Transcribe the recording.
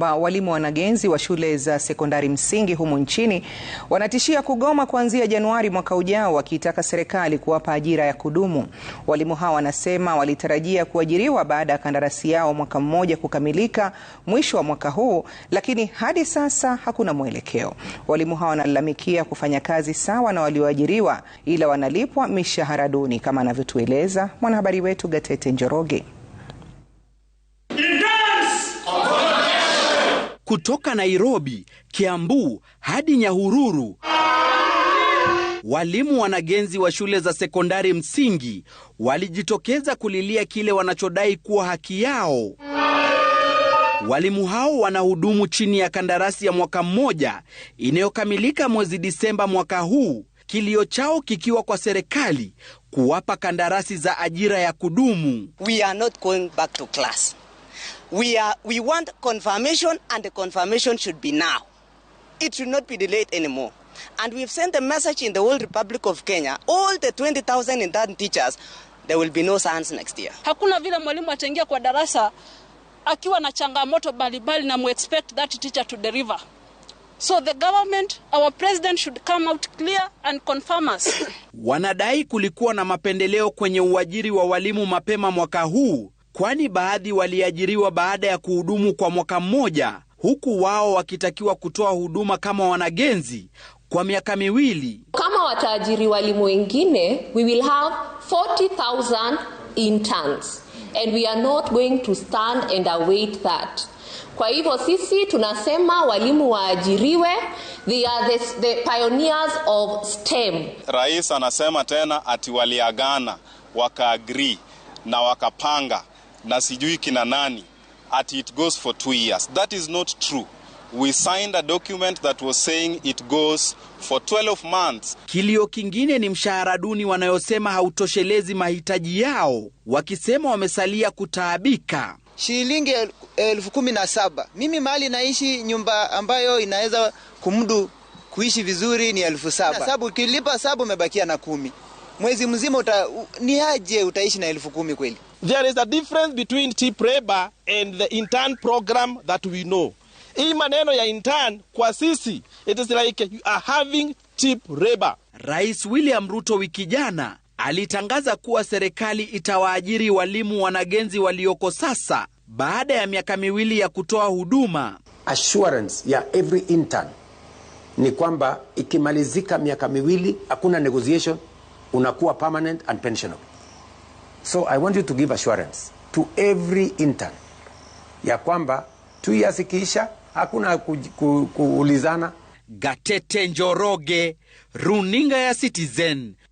Ba walimu wanagenzi wa shule za sekondari msingi humu nchini wanatishia kugoma kuanzia Januari mwaka ujao wakiitaka serikali kuwapa ajira ya kudumu. Walimu hawa wanasema walitarajia kuajiriwa baada ya kandarasi yao mwaka mmoja kukamilika mwisho wa mwaka huu, lakini hadi sasa hakuna mwelekeo. Walimu hawa wanalalamikia kufanya kazi sawa na walioajiriwa, ila wanalipwa mishahara duni, kama anavyotueleza mwanahabari wetu Gatete Njoroge. kutoka Nairobi, Kiambu hadi Nyahururu. Walimu wanagenzi wa shule za sekondari msingi walijitokeza kulilia kile wanachodai kuwa haki yao. Walimu hao wanahudumu chini ya kandarasi ya mwaka mmoja inayokamilika mwezi Disemba mwaka huu, kilio chao kikiwa kwa serikali kuwapa kandarasi za ajira ya kudumu. We are not going back to class. We, are, we want confirmation, and the confirmation should be now. It should not be delayed anymore. And we've sent a message in the whole Republic of Kenya, all the 20,000 intern teachers, there will be no science next year. Hakuna vile mwalimu ataingia kwa darasa akiwa na changamoto mbalimbali na mu expect that teacher to deliver. So the government, our president should come out clear and confirm us. Wanadai kulikuwa na mapendeleo kwenye uajiri wa walimu mapema mwaka huu kwani baadhi waliajiriwa baada ya kuhudumu kwa mwaka mmoja, huku wao wakitakiwa kutoa huduma kama wanagenzi kwa miaka miwili. Kama wataajiri walimu wengine, we will have 40,000 interns and we are not going to stand and await that. Kwa hivyo sisi tunasema walimu waajiriwe, they are the, the pioneers of STEM. Rais anasema tena ati waliagana wakaagrii na wakapanga na sijui kina nani at it goes for two years. That is not true. We signed a document that was saying it goes for 12 months. Kilio kingine ni mshahara duni wanayosema hautoshelezi mahitaji yao, wakisema wamesalia kutaabika. Shilingi elfu kumi na saba. Mimi mahali naishi nyumba ambayo inaweza kumdu kuishi vizuri ni elfu saba. Sababu ukilipa saba umebakia na kumi. Mwezi mzima uta, ni aje utaishi na elfu kumi kweli? There is a difference between cheap labor and the intern program that we know. Hii maneno ya intern kwa sisi it is like you are having cheap labor. Rais William Ruto wiki jana alitangaza kuwa serikali itawaajiri walimu wanagenzi walioko sasa baada ya miaka miwili ya kutoa huduma. Assurance ya every intern ni kwamba ikimalizika miaka miwili hakuna negotiation, unakuwa permanent and pensionable. So I want you to give assurance to every intern ya kwamba two years ikiisha hakuna ku, ku, kuulizana. Gatete Njoroge, runinga ya Citizen.